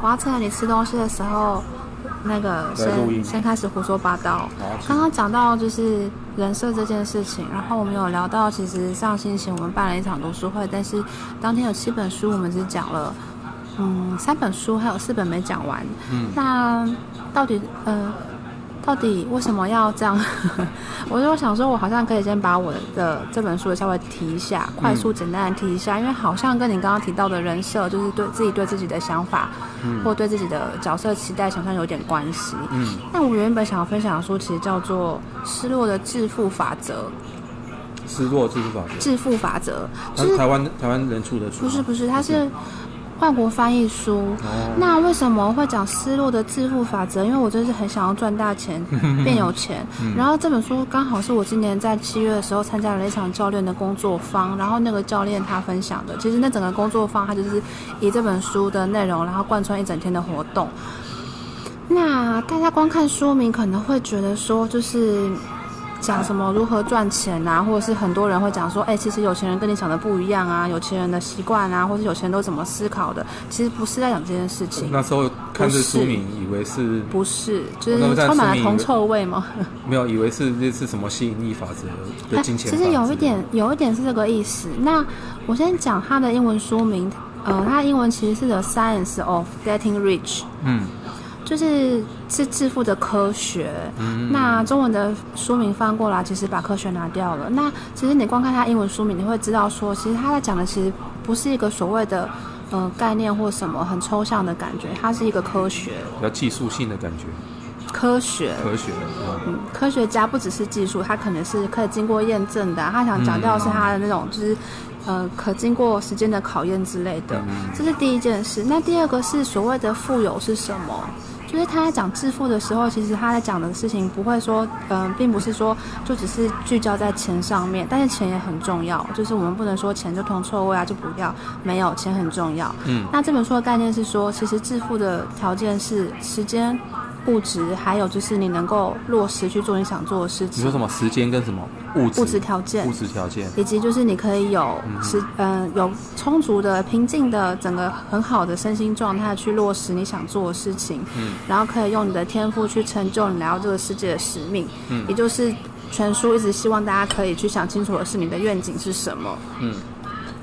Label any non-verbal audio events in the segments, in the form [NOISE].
我要趁着你吃東西的時候，那個先先開始胡說八道。像剛剛講到就是人設這件事情，然後我們有聊到，其實上星期我們辦了一場讀書會，但是當天有七本書，我們只講了嗯三本書，還有四本沒講完。嗯，那到底嗯。呃到底為什麼要這樣？ [LAUGHS] 我就想說，我好像可以先把我的這本書稍微提一下，嗯、快速簡單的提一下，因為好像跟你剛剛提到的人設，就是對自己對自己的想法，嗯、或對自己的角色期待，好像有點關係。嗯。那我原本想要分享的書，其實叫做《失落的致富法則》。失落致富法則。致富法則，它是台灣台灣人出的書。不是不是，它是。外國翻譯書，那為什麼會講失落的致富法則？因為我真是很想要賺大錢，變有錢。然後這本書剛好是我今年在七月的時候參加了一場教練的工作坊，然後那個教練他分享的。其實那整個工作坊他就是以這本書的內容，然後貫穿一整天的活動。那大家光看書名可能會覺得說，就是。講什麼如何賺錢啊，或者是很多人會講說，哎，其實有錢人跟你想的不一樣啊，有錢人的習慣啊，或是有錢人都怎麼思考的，其實不是在講這件事情。那時候看這書名，以為是不是，不是就是充滿了同臭味嗎？沒有，以為是這是什麼吸引力法則？對，金錢、哎。其實有一點，有一點是這個意思。那我先講他的英文書名，呃，他的英文其實是 the Science of Getting Rich。嗯。就是是致富的科學，嗯嗯，那中文的書名翻過來，其實把科學拿掉了。那其實你光看它英文書名，你會知道說，其實他在講的其實不是一個所謂的呃概念或什麼很抽象的感覺，它是一個科學，要技術性的感覺。科學，科學，嗯，嗯，科學家不只是技術，他可能是可以經過驗證的、啊。他想強調的是他的那種、嗯、就是呃可經過時間的考驗之類的，嗯、這是第一件事。那第二個是所謂的富有是什麼？就是他在講致富的時候，其實他在講的事情不會說，嗯、呃，並不是說就只是聚焦在錢上面，但是錢也很重要。就是我們不能說錢就銅臭味啊，就不要沒有錢很重要。嗯，那這本書的概念是說，其實致富的條件是時間。物質，還有就是你能夠落實去做你想做的事情。你說什麼？時間跟什麼物質物質條件？物質條件，以及就是你可以有嗯哼、呃、有充足的平靜的整個很好的身心狀態去落實你想做的事情，嗯、然後可以用你的天賦去成就你來到這個世界的使命。嗯，也就是全書一直希望大家可以去想清楚的是你的願景是什麼。嗯。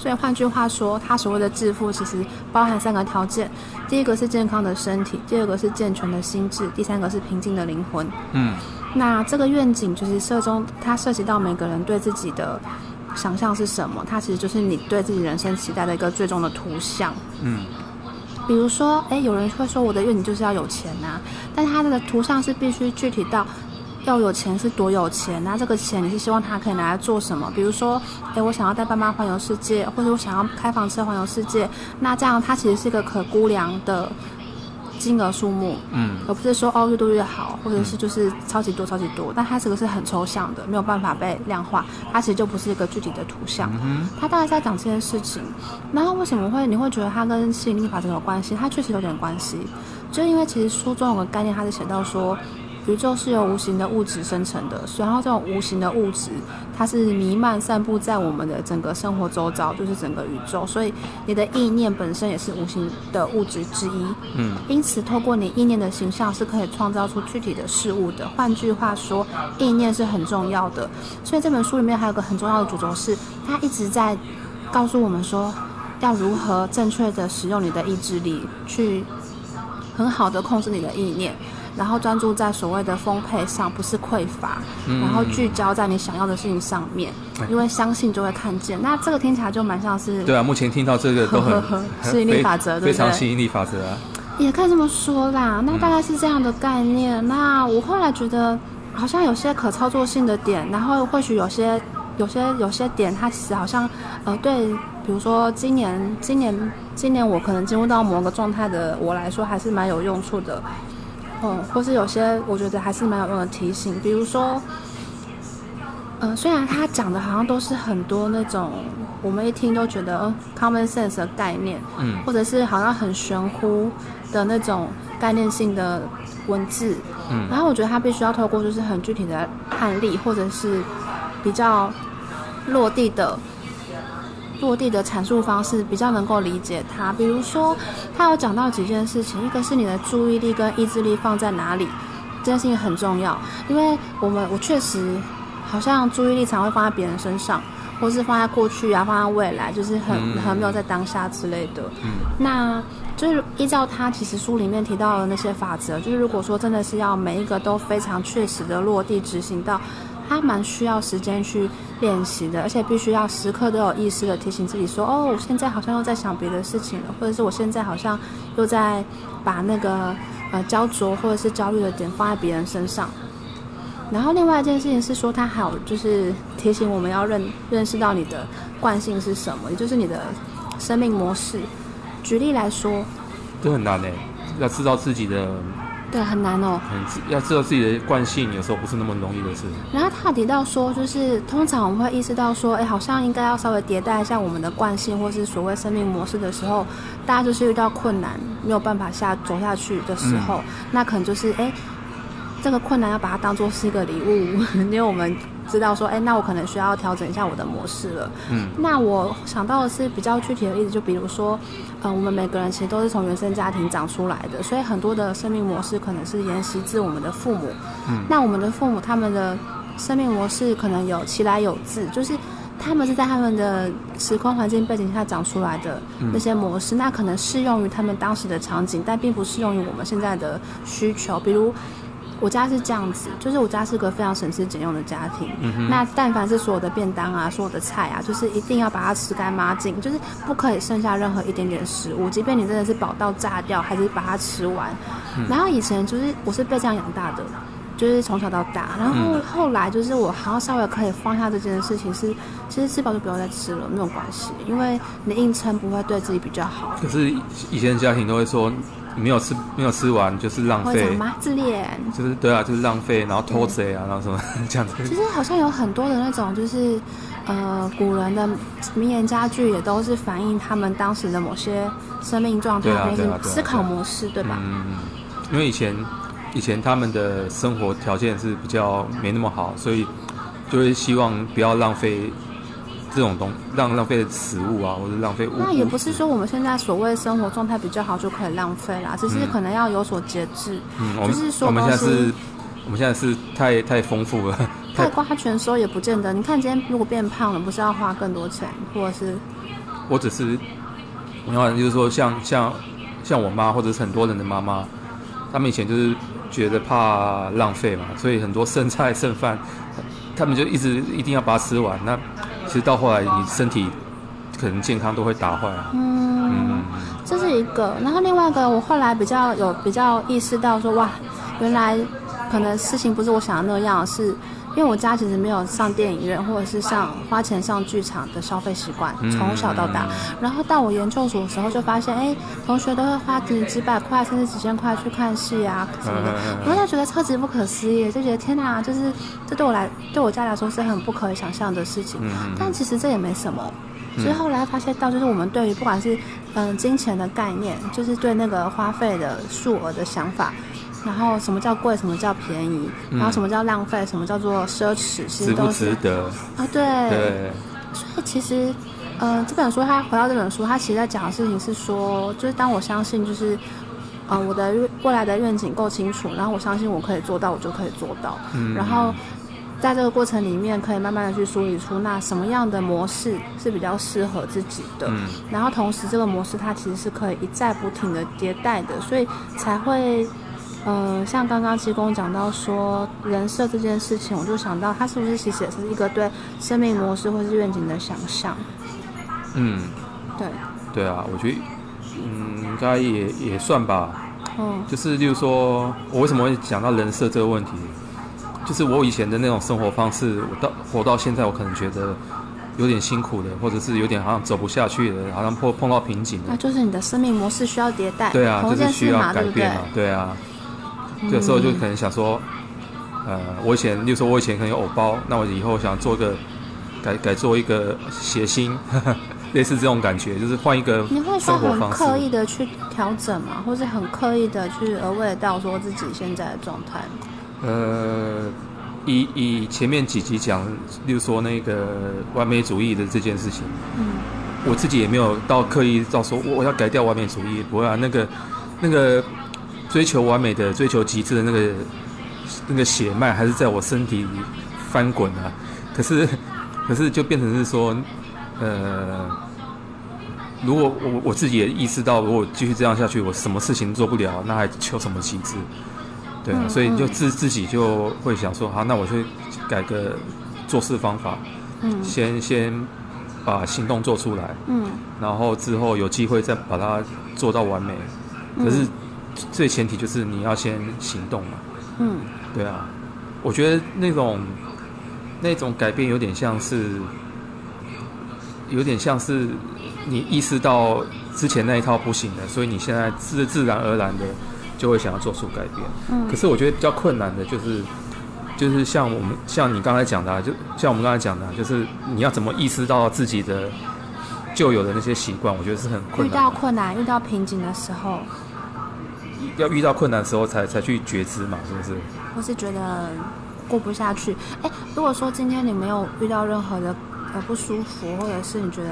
所以換句話說，他所謂的致富其實包含三個條件：第一個是健康的身體，第二個是健全的心智，第三個是平靜的靈魂。嗯，那這個願景就是涉中，它涉及到每個人對自己的想象是什麼？它其實就是你對自己人生期待的一個最終的圖像。嗯，比如說，哎，有人會說我的願景就是要有錢啊，但他這個圖像是必須具體到。要有錢是多有錢，那這個錢你是希望他可以拿來做什麼？比如說，哎，我想要帶爸媽環遊世界，或者我想要開房車環遊世界。那這樣它其實是一個可估量的金額數目，嗯，而不是說哦越多越好，或者是就是超級多、嗯、超級多。但它這個是很抽象的，沒有辦法被量化，它其實就不是一個具體的圖像。嗯哼，他大概在講這件事情，那為什麼會你會覺得它跟吸引力法則有關係？它確實有點關係，就因為其實書中有個概念，它是寫到說。宇宙是由無形的物質生成的，然後這種無形的物質，它是彌漫散布在我們的整個生活周遭，就是整個宇宙。所以你的意念本身也是無形的物質之一。嗯，因此透過你意念的形象，是可以創造出具體的事物的。換句話說，意念是很重要的。所以這本書裡面還有一個很重要的主軸，是它一直在告訴我們說，要如何正確地使用你的意志力，去很好的控制你的意念。然後專注在所謂的豐沛上，不是匱乏，嗯嗯嗯，然後聚焦在你想要的事情上面，嗯、因為相信就會看見。那這個聽起來就蠻像是對啊，目前聽到這個都很吸引力法則，對呵沒非常吸引力法則啊，也可以這麼說啦。那大概是這樣的概念。嗯、那我後來覺得好像有些可操作性的點，然後或許有些、有些、有些、有些點，它其實好像呃，對，比如說今年、今年、今年我可能進入到某個狀態的我來說，還是蠻有用處的。哦、嗯，或是有些我覺得還是蠻有用的提醒，比如說，呃，雖然他講的好像都是很多那種我們一聽都覺得 common sense 的概念，嗯，或者是好像很玄乎的那種概念性的文字，嗯，然後我覺得他必須要透過就是很具體的案例，或者是比較落地的。落地的闡述方式比較能夠理解它。比如說，他有講到幾件事情，一個是你的注意力跟意志力放在哪裡，這件事情很重要。因為我們我確實好像注意力常會放在別人身上，或是放在過去啊，放在未來，就是很很沒有在當下之類的。嗯嗯。那就是依照他其實書裡面提到的那些法則，就是如果說真的是要每一個都非常確實的落地執行到，他還蠻需要時間去練習的，而且必須要時刻都有意識的提醒自己說：“哦，我現在好像又在想別的事情了，或者是我現在好像又在把那個呃焦灼或者是焦慮的點放在別人身上。”然後另外一件事情是說他好，它還有就是提醒我們要認認識到你的慣性是什麼，也就是你的生命模式。舉例來說，這很難誒，要知道自己的。對，很難哦。要知道自己的慣性，有時候不是那麼容易的事。然後他提到說，就是通常我們會意識到說，哎，好像應該要稍微迭代一下我們的慣性，或是所謂生命模式的時候，大家就是遇到困難，沒有辦法下走下去的時候，嗯、那可能就是哎，這個困難要把它當作是一個禮物，因為我們。知道說，哎、欸，那我可能需要調整一下我的模式了。嗯，那我想到的是比較具體的例子，就比如說，嗯、呃，我們每個人其實都是從原生家庭長出來的，所以很多的生命模式可能是沿襲自我們的父母。嗯，那我們的父母他們的生命模式可能有其來有自，就是他們是在他們的時空環境背景下長出來的那些模式，嗯、那可能適用於他們當時的場景，但並不適用於我們現在的需求，比如。我家是這樣子，就是我家是個非常省吃儉用的家庭。嗯、哼那但凡是所有的便當啊，所有的菜啊，就是一定要把它吃乾抹淨，就是不可以剩下任何一點點食物，即便你真的是飽到炸掉，還是把它吃完。嗯、然後以前就是我是被這樣養大的，就是從小到大。然後後來就是我好像稍微可以放下這件事情是，就是其實吃飽就不要再吃了，沒有關係，因為你硬撐不會對自己比較好。可是以前家庭都會說。沒有吃，沒有吃完就是浪費，會嗎？自戀。就是對啊，就是浪費，然後拖賊啊，嗯、然後什麼這樣子。其實好像有很多的那種，就是呃，古人的名言佳句，也都是反映他們當時的某些生命狀態，或是思考模式，對吧？嗯嗯。因為以前，以前他們的生活條件是比較沒那麼好，所以就會希望不要浪費。這種東西讓浪浪費的食物啊，或者浪費物，那也不是說我們現在所謂生活狀態比較好就可以浪費啦，嗯、只是可能要有所節制。嗯，就是說是我們現在是，我們現在是太太豐富了，太瓜全收也不見得。你看今天如果變胖了，不是要花更多錢，或者是？我只是，你看，就是說像，像像像我媽，或者是很多人的媽媽，他們以前就是覺得怕浪費嘛，所以很多剩菜剩飯，他們就一直一定要把它吃完。那。到後來，你身體可能健康都會打壞啊、嗯。嗯，這是一個。然後另外一個，我後來比較有比較意識到說，哇，原來可能事情不是我想的那樣，是。因為我家其實沒有上電影院，或者是上花錢上劇場的消費習慣，從小到大。嗯嗯嗯、然後到我研究所的時候，就發現，哎，同學都會花幾幾百塊，甚至幾千塊去看戲啊什麼的。我、啊、就覺得超級不可思議，就覺得天哪，就是這對我來，對我家來說是很不可以想象的事情。嗯嗯、但其實這也沒什麼。所以後來發現到，就是我們對於不管是嗯金錢的概念，就是對那個花費的數額的想法。然後什麼叫貴，什麼叫便宜，嗯、然後什麼叫浪費，什麼叫做奢侈，其實都是的啊。對，對所以其實，嗯、呃，這本書他回到這本書，他其實在講的事情是說，就是當我相信，就是，嗯、呃，我的未來的願景夠清楚，然後我相信我可以做到，我就可以做到。嗯。然後在這個過程裡面，可以慢慢的去梳理出那什麼樣的模式是比較適合自己的。嗯。然後同時，這個模式它其實是可以一再不停的迭代的，所以才會。嗯，像剛剛七公講到說人設這件事情，我就想到他是不是其實也是一個對生命模式或是願景的想象？嗯，對，對啊，我覺得，嗯，應該也也算吧。哦、嗯。就是，例如說，我為什麼會講到人設這個問題？就是我以前的那種生活方式，我到活到現在，我可能覺得有點辛苦的，或者是有點好像走不下去的，好像碰碰到瓶頸了。那、啊、就是你的生命模式需要迭代，對啊，就是需要改變嘛，對，對，對啊。這時候就可能想說，嗯、呃，我以前，例如說，我以前可能有偶包，那我以後想做一個，改改做一個諧星，呵呵，類似這種感覺，就是換一個方。你會說很刻意的去調整嗎，或是很刻意的去而為了說自己現在的狀態嗎？呃，以以前面幾集講，例如說那個完美主義的這件事情，嗯，我自己也沒有到刻意到說，我我要改掉完美主義，不會啊，那個那個。追求完美的、追求極致的那個那個血脈，還是在我身體裡翻滾啊！可是，可是就變成是說，呃，如果我我自己也意識到，如果我繼續這樣下去，我什麼事情做不了，那還求什麼極致？對啊，嗯嗯、所以就自自己就會想說，好、啊，那我就改個做事方法，嗯、先先把行動做出來，嗯，然後之後有機會再把它做到完美，嗯、可是。最前提就是你要先行動嘛。嗯，對啊，我覺得那種那種改變有點像是有點像是你意識到之前那一套不行的，所以你現在自自然而然的就會想要做出改變。嗯，可是我覺得比較困難的就是就是像我們像你剛才講的、啊，就像我們剛才講的、啊，就是你要怎麼意識到自己的舊有的那些習慣，我覺得是很困難的。遇到困難、遇到瓶頸的時候。要遇到困難的時候才才去覺知嘛，是不是？我是覺得過不下去。哎，如果說今天你沒有遇到任何的呃不舒服，或者是你覺得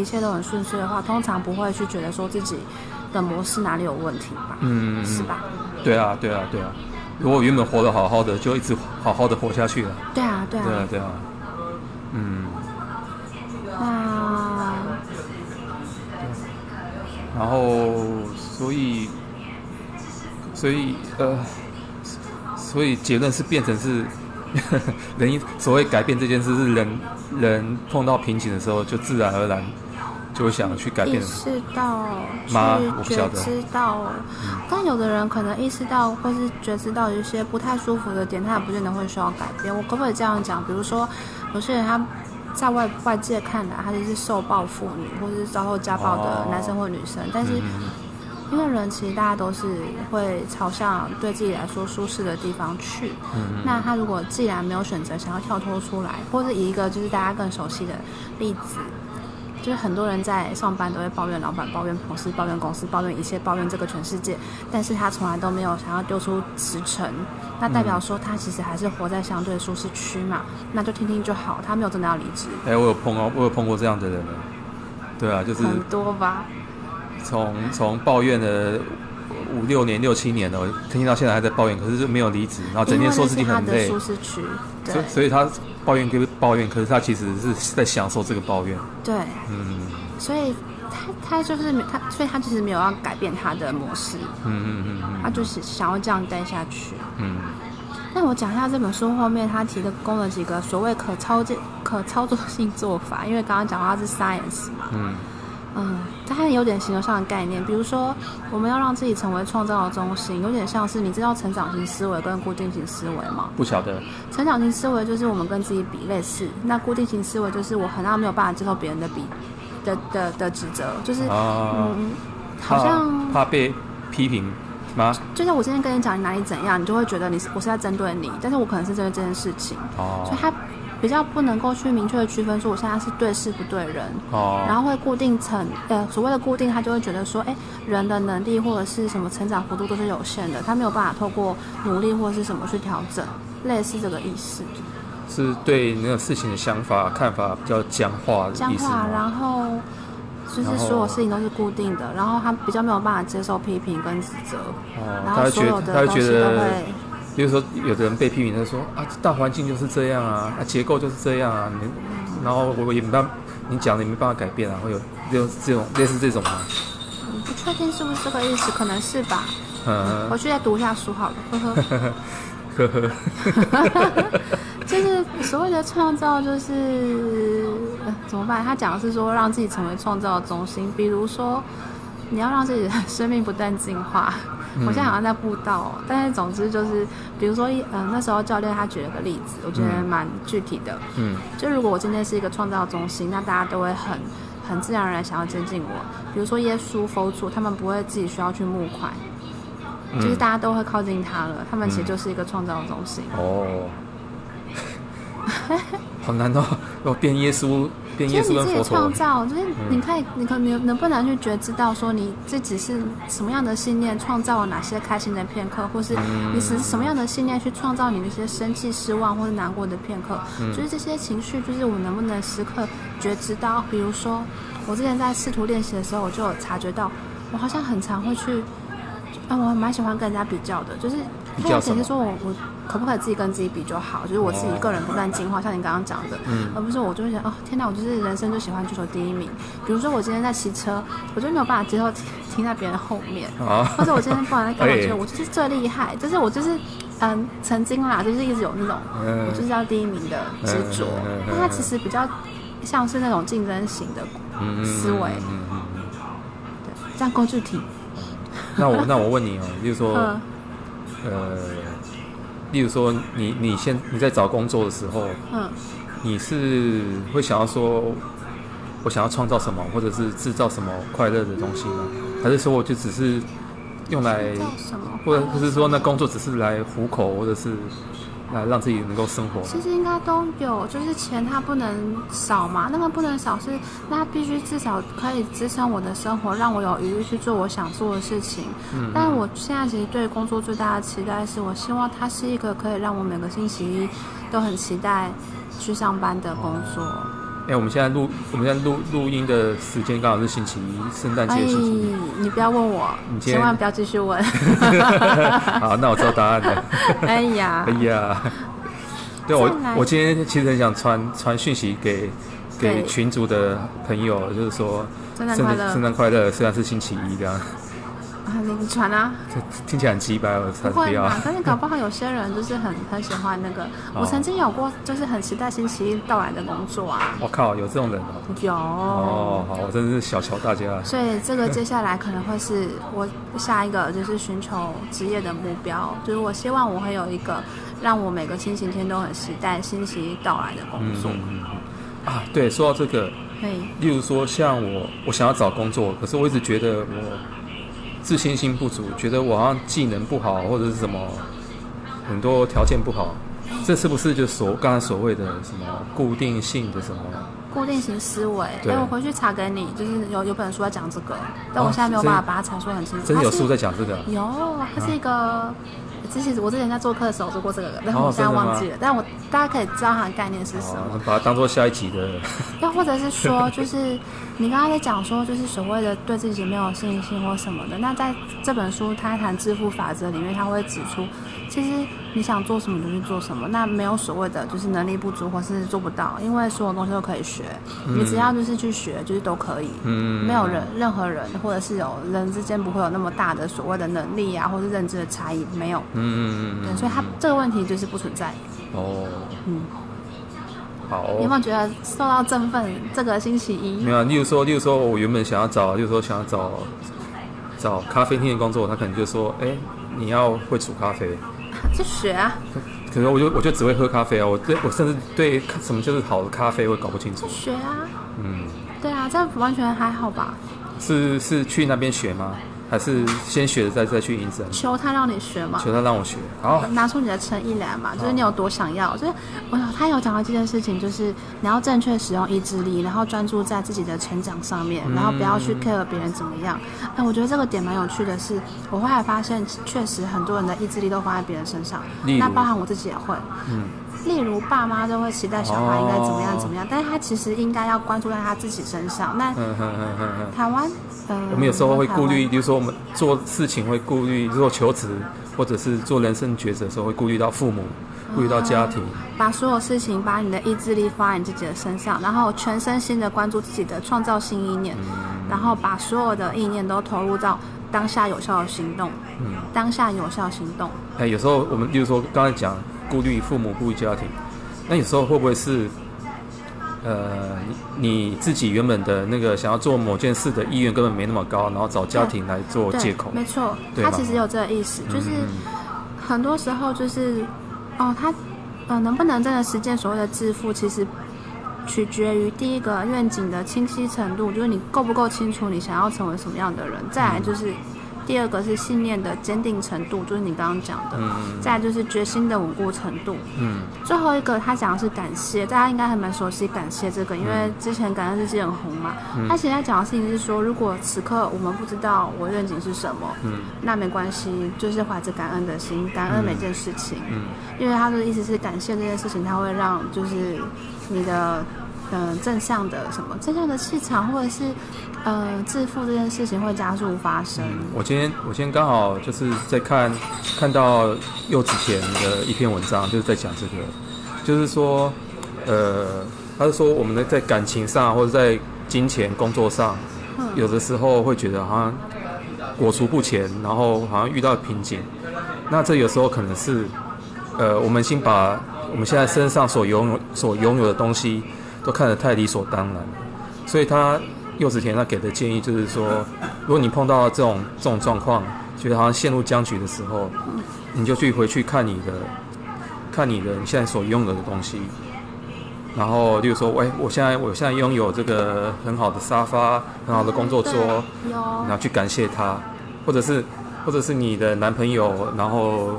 一切都很順遂的話，通常不會去覺得說自己的模式哪裡有問題吧？嗯，是吧？對啊，對啊，對啊。嗯。如果原本活得好好的，就一直好好的活下去了。對啊，對啊。對啊，對啊。嗯。那對。然後，所以。所以，呃，所以結論是變成是，呵呵人所謂改變這件事是人，人碰到瓶頸的時候就自然而然就會想去改變。意識到，是媽我不曉得。意但有的人可能意識到或是覺知到一些不太舒服的點，他也不見得會需要改變。我可不可以這樣講？比如說，有些人他在外外界看來，啊，他就是受暴婦女，或是遭受家暴的男生或女生，哦、但是。嗯因為人其實大家都是會朝向對自己來說舒適的地方去。嗯哼。那他如果既然沒有選擇想要跳脫出來，或者一個就是大家更熟悉的例子，就是很多人在上班都會抱怨老闆、抱怨同事、抱怨公司、抱怨一切、抱怨這個全世界，但是他從來都沒有想要丟出辭呈。那代表說他其實還是活在相對舒適區嘛？嗯、那就聽聽就好，他沒有真的要離職。哎、欸，我有碰到、哦，我有碰過這樣子的人。對啊，就是很多吧。從從抱怨了五六年、六七年了，我聽到現在還在抱怨，可是就沒有離職，然後整天說自己很累。他的舒適區，對所以所以他抱怨歸抱怨，可是他其實是在享受這個抱怨。對，嗯，所以他他就是他，所以他其實沒有要改變他的模式。嗯嗯嗯,嗯他就是想要這樣待下去。嗯，那我講一下這本書後面他提的、供了幾個所謂可操作、可操作性做法，因為剛剛講到他是 science 嘛。嗯。嗯，他還有點形而上的概念，比如說我們要讓自己成為創造的中心，有點像是你知道成長型思維跟固定型思維嗎？不曉得。成長型思維就是我們跟自己比類似，那固定型思維就是我很難沒有辦法接受別人的比的的的指責，就是、哦、嗯，好像怕被批評嗎？就是我今天跟你講你哪裡怎樣，你就會覺得你是我是在針對你，但是我可能是針對這件事情，哦、所以他……比較不能夠去明確的區分說我現在是對事不對人，哦，然後會固定成呃所謂的固定，他就會覺得說，哎，人的能力或者是什麼成長幅度都是有限的，他沒有辦法透過努力或者是什麼去調整，類似這個意思。是對那個事情的想法看法比較僵化的，僵化，然後就是所有事情都是固定的，然後，然後他比較沒有辦法接受批評跟指責，哦、然後所有的東西都會。比如說，有的人被批評，的、就是、說：“啊，大環境就是這樣啊，啊，結構就是這樣啊。”你，然後我也沒辦法，你講的也沒辦法改變啊。會有這種、就是、這種、類似這種嗎、啊？你不確定是不是這個意思，可能是吧。呃、嗯，嗯、我去再讀一下書好了。呵呵呵呵呵呵， [LAUGHS] [LAUGHS] 就是所謂的創造，就是、呃、怎麼辦？他講的是說，讓自己成為創造的中心。比如說，你要讓自己的生命不斷進化。嗯、我現在好像在布道，但是總之就是，比如說，嗯、呃，那時候教練他舉了個例子，嗯、我覺得蠻具體的。嗯，就如果我今天是一個創造中心，那大家都會很很自然而然想要接近我。比如說耶穌、佛祖，他們不會自己需要去募款，嗯、就是大家都會靠近他了。他們其實就是一個創造中心。嗯、哦， [LAUGHS] [LAUGHS] 好難哦，要變耶穌。啊、其實你自己創造，就是你看、嗯、你可你能，能不能去覺知到說你自己是什麼樣的信念創造了哪些開心的片刻，或是你是什麼樣的信念去創造你那些生氣、失望或者難過的片刻？嗯、就是這些情緒，就是我能不能時刻覺知到？比如說，我之前在試圖練習的時候，我就有察覺到，我好像很常會去，啊、呃，我蠻喜歡跟人家比較的，就是他解釋說，我。可不可以自己跟自己比就好，就是我自己一個人不斷進化，像你剛剛講的，而不是我就會想哦，天哪，我就是人生就喜歡追求第一名。比如說我今天在騎車，我就沒有辦法接受停在別人後面，或者我今天不過來跟我覺得我就是最厲害，就是我就是嗯，曾經啦，就是一直有那種我就是要第一名的執着，那他其實比較像是那種競爭型的思維，對，這樣工具挺。那我那我問你哦，就是說，呃。例如說你，你你現你在找工作的時候，嗯，你是會想要說，我想要創造什麼，或者是製造什麼快樂的東西嗎？還是說我就只是用來，什麼或者，就是說那工作只是來糊口，或者是？呃，讓自己能夠生活，其實應該都有，就是錢它不能少嘛，那個不能少是，那必須至少可以支撐我的生活，讓我有餘力去做我想做的事情。嗯、哼但我現在其實對工作最大的期待是，我希望它是一個可以讓我每個星期一都很期待去上班的工作。哦。哎、欸，我們現在錄，我們現在錄錄音的時間剛好是星期一，聖誕節。哎、欸，你不要問我，你千萬不要繼續問。 [LAUGHS] [LAUGHS] 好，那我知道答案了。 [LAUGHS] 哎呀，哎呀，對南我，我今天其實很想傳傳訊息給給群組的朋友，對就是說，聖誕快樂，聖誕快樂，雖然是星期一這樣。你傳啊！聽起來很機掰，我才會啊！但是搞不好有些人就是很 [LAUGHS] 很喜歡那個。我曾經有過，就是很期待星期一到來的工作啊。我、哦、靠，有這種人嗎、哦？有哦，好，我真的是小瞧大家。所以這個接下來可能會是我下一個就是尋求職業的目標，就是我希望我會有一個讓我每個星期天都很期待星期一到來的工作、嗯嗯嗯。啊，對，說到這個，嘿例如說像我，我想要找工作，可是我一直覺得我。自信心不足，覺得我好像技能不好，或者是什麼，很多條件不好，這是不是就所剛才所謂的什麼固定性的什麼？固定型思維。哎對、欸，我回去查給你，就是有有本書在講這個，但我現在沒有辦法把它闡述很清楚。真的、啊、有書在講這個？有，它是一個。啊其實我之前在做客的時候做過這個，我突然忘記了。但我大家可以知道它的概念是什麼。哦、我們把它當做下一集的。又 [LAUGHS] 或者是說，就是你剛剛在講說，就是所謂的對自己沒有信心或什麼的，那在這本書《失落的致富法則》裡面，他會指出。其實你想做什麼就去做什麼，那沒有所謂的就是能力不足或是做不到，因為所有東西都可以學，嗯、你只要就是去學就是都可以，嗯、沒有人任何人或者是有人之間不會有那麼大的所謂的能力啊，或是認知的差異沒有，嗯，嗯、對、所以他、嗯、這個問題就是不存在。哦，嗯，好，你有沒有覺得受到振奮？這個星期一，沒有、啊，例如說，例如說我原本想要找，就是說想要找找咖啡廳的工作，他可能就說，哎、欸，你要會煮咖啡。去學啊！可能我就我就只會喝咖啡啊，我對，我甚至對什麼就是好的咖啡，我也搞不清楚。去學啊！嗯，對啊，這樣完全還好吧？是是去那邊學嗎？還是先學了再再去應徵。求他讓你學嘛？求他讓我學。好、oh.，拿出你的誠意來嘛，就是你有多想要。就是、oh.，我想他有講到這件事情，就是你要正確使用意志力，然後專注在自己的成長上面，嗯、然後不要去 care 別人怎麼樣。那、哎、我覺得這個點蠻有趣的是，是我後來發現確實很多人的意志力都花在別人身上，如那包含我自己也會。嗯。例如，爸媽都會期待小孩應該怎麼樣怎麼樣，哦、但是他其實應該要關注在他自己身上。那台灣、嗯，嗯，嗯嗯呃、我們有時候會顧慮，比如說我們做事情會顧慮，如果求職或者是做人生抉擇的時候會顧慮到父母，顧慮、嗯、到家庭。把所有事情，把你的意志力放在你自己的身上，然後全身心的關注自己的創造性意念，嗯、然後把所有的意念都投入到當下有效的行動。嗯，當下有效行動。哎，有時候我們，比如說剛才講。顧慮父母，顧慮家庭，那有時候會不會是，呃，你自己原本的那個想要做某件事的意願根本沒那麼高，然後找家庭來做借口？沒錯，嗎他其實有這個意思，就是很多時候就是，嗯、哦，他，呃，能不能真的實現所謂的致富，其實取決於第一個願景的清晰程度，就是你夠不夠清楚你想要成為什麼樣的人，再來就是。嗯第二個是信念的堅定程度，就是你剛剛講的，嗯、再來就是決心的穩固程度。嗯、最後一個他講的是感謝，大家應該還蠻熟悉感謝這個，因為之前感恩日記很紅嘛。嗯、他現在講的事情是說，如果此刻我們不知道我願景是什麼，嗯、那沒關係，就是懷着感恩的心，感恩每件事情。嗯嗯、因為他的意思是，感謝這件事情，他會讓就是你的。嗯、呃，正向的什麼正向的氣場，或者是，呃，致富這件事情會加速發生。嗯、我今天我今天剛好就是在看，看到柚子田的一篇文章，就是在講這個，就是說，呃，他是說我們的在感情上或者在金錢工作上，嗯、有的時候會覺得好像裹足不前，然後好像遇到瓶頸。那這有時候可能是，呃，我們先把我們現在身上所擁有所擁有的東西。都看得太理所當然了，所以他柚子田他給的建議就是說，如果你碰到這種這種狀況，覺得好像陷入僵局的時候，你就去回去看你的，看你的你現在所擁有的東西，然後就是說，喂、哎，我現在我現在擁有這個很好的沙發，很好的工作桌，然後去感謝他，或者是或者是你的男朋友，然後。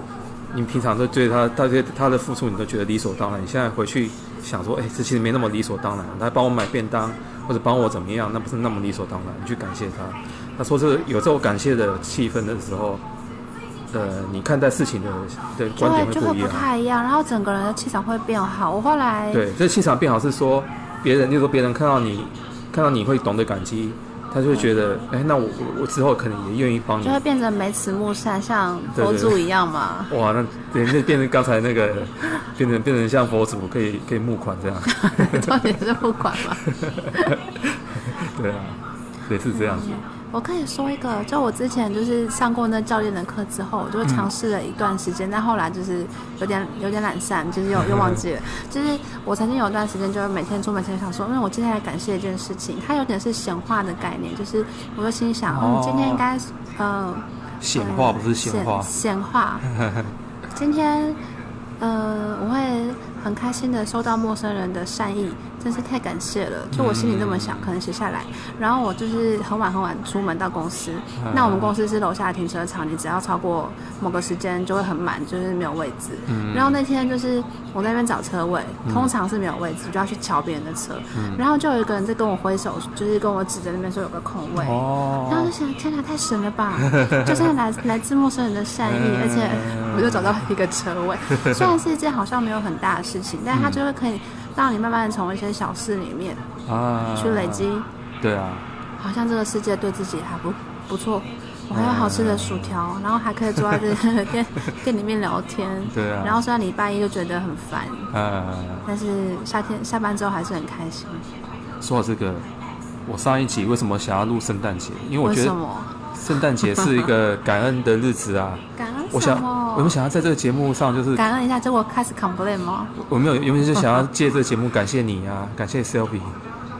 你平常都對他，他對他的付出，你都覺得理所當然。你現在回去想說，哎、欸，這其實沒那麼理所當然。他幫我買便當，或者幫我怎麼樣，那不是那麼理所當然。你去感謝他，他說是、這個、有這種感謝的氣氛的時候，呃，你看待事情的的為觀點會不，就會不太一樣，然後整個人的氣場會變好。我後來對，這氣場變好是說別人，就是說別人看到你，看到你會懂得感激。他就會覺得，哎、嗯欸，那我我我之後可能也願意幫你，就會變成眉慈目善、啊，像佛祖一樣嘛。哇，那人家變，變成剛才那個， [LAUGHS] 變成變成像佛祖可以可以募款這樣，到底 [LAUGHS] 是募款嗎？ [LAUGHS] [LAUGHS] 對啊，也是這樣子。我可以說一個，就我之前就是上過那教練的課之後，我就嘗試了一段時間，嗯、但後來就是有點有點懶散，就是又又忘記了。 [LAUGHS] 就是我曾經有一段時間，就是每天出門前想說，那我今天來感謝一件事情，它有點是閒話的概念，就是我就心想，哦、嗯，今天應該呃，閒話不是閒話，閒,閒話， [LAUGHS] 今天呃，我會很開心的收到陌生人的善意。真是太感謝了，就我心裡這麼想，嗯、可能寫下來。然後我就是很晚很晚出門到公司，嗯、那我們公司是樓下的停車場，你只要超過某個時間就會很滿，就是沒有位置。嗯、然後那天就是我在那邊找車位，嗯、通常是沒有位置，就要去瞧別人的車。嗯、然後就有一個人在跟我揮手，就是跟我指着那邊說有個空位。哦、然後就想，天哪，太神了吧！ [LAUGHS] 就是來來自陌生人的善意， [LAUGHS] 而且我就找到一個車位， [LAUGHS] 雖然是一件好像沒有很大的事情，但他就會可以。讓你慢慢的從一些小事裡面啊去累積，啊對啊，好像這個世界對自己還不不錯，我、啊、還有好吃的薯條，啊、然後還可以坐在這店 [LAUGHS] 店裡面聊天，對啊，然後雖然禮拜一就覺得很煩，嗯、啊。但是夏天下班之後還是很開心。說到這個，我上一集為什麼想要錄聖誕節？因為我覺得聖誕節是一個感恩的日子啊。 [LAUGHS] 我想，麼我們想要在這個節目上就是感恩一下，就我開始 complain 嗎？我沒有，原本是想要借這個節目感謝你啊， [LAUGHS] 感謝 Sylvie，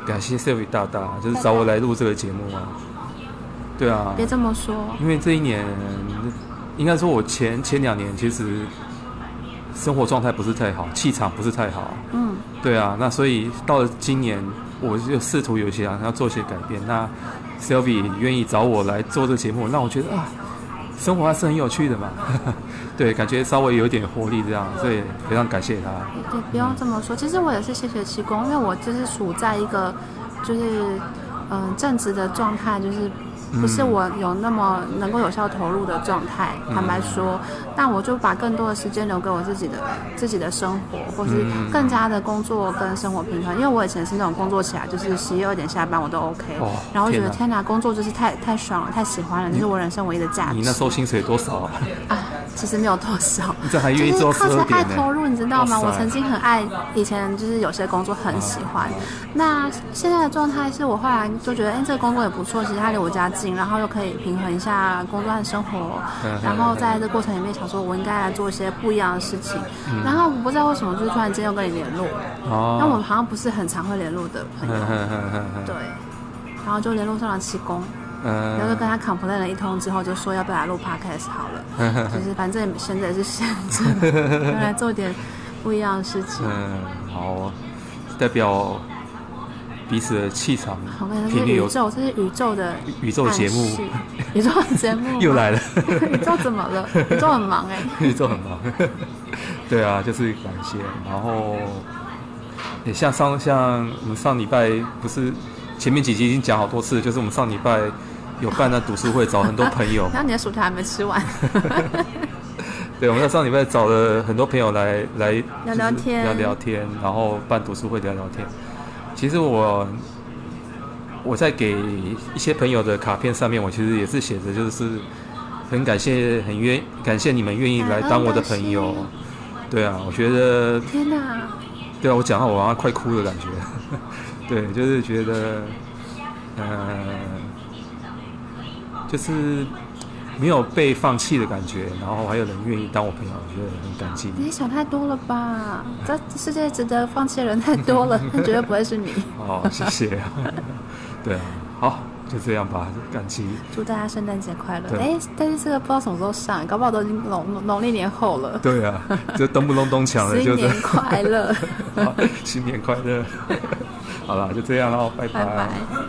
感謝 Sylvie 大大，就是找我來錄這個節目啊。對啊。別這麼說。因為這一年，應該說我前前兩年其實生活狀態不是太好，氣場不是太好。嗯。對啊，那所以到了今年，我就試圖有一些啊要做一些改變。那 Sylvie 願意找我來做這個節目，那我覺得啊。欸生活還是很有趣的嘛，呵呵，對，感覺稍微有點活力這樣，所以非常感謝他。對，對，不用這麼說，其實我也是謝謝七公，因為我就是處在一個，就是嗯、呃、正直的狀態，就是。不是我有那麼能夠有效投入的狀態，坦白說，那我就把更多的時間留給我自己的自己的生活，或是更加的工作跟生活平衡。因為我以前是那種工作起來就是十一二點下班我都 OK，然後我覺得天哪，工作就是太太爽了，太喜歡了，這是我人生唯一的價值。你那時候薪水多少啊？啊，其實沒有多少。你這還願意做，靠著愛投入，你知道嗎？我曾經很愛，以前就是有些工作很喜歡。那現在的狀態是我後來就覺得，哎，這個工作也不錯，其實它離我家。然後又可以平衡一下工作和生活，嗯、然後在這個過程裡面想說，我應該來做一些不一樣的事情。嗯、然後我不知道為什麼，就是、突然間又跟你聯絡了，那、哦、我們好像不是很常會聯絡的朋友，嗯嗯嗯、對。然後就聯絡上了七公，嗯、然後就跟他 complain 了一通之後，就說要不要來錄 podcast 好了。嗯、就是反正現在也是現在，要、嗯、 [LAUGHS] 來做一點不一樣的事情。嗯，好，代表。彼此的氣場有，天地宇宙，這是宇宙的宇宙節目， [LAUGHS] 宇宙節目 [LAUGHS] 又來了， [LAUGHS] 宇宙怎麼了？宇宙很忙哎、欸，宇宙很忙， [LAUGHS] 對啊，就是感謝。然後、欸、像上像我們上禮拜不是前面幾集已經講好多次，就是我們上禮拜有辦那讀書會，找很多朋友。那 [LAUGHS] 你的薯條還沒吃完？ [LAUGHS] [LAUGHS] 對，我們在上上禮拜找了很多朋友來來聊，聊聊天，聊聊天，然後辦讀書會聊聊天。其實我，我在給一些朋友的卡片上面，我其實也是寫着，就是很感謝，很願感謝你們願意來當我的朋友。對啊，我覺得天哪，對啊，我講話我好像快哭的感覺， [LAUGHS] 對，就是覺得，呃，就是。沒有被放棄的感覺，然後還有人願意當我朋友，我覺得很感激。你想太多了吧？這世界值得放棄的人太多了， [LAUGHS] 但絕對不會是你。哦，謝謝。 [LAUGHS] 對啊，好，就這樣吧，感激。祝大家聖誕節快樂！哎對，但是這個不知道什麼時候上，搞不好都已經農農曆年後了。對啊，就咚不隆咚鏘了 [LAUGHS] 新年快樂 [LAUGHS] 好。新年快樂！新年快樂！好了，就這樣嘍，拜拜。拜拜。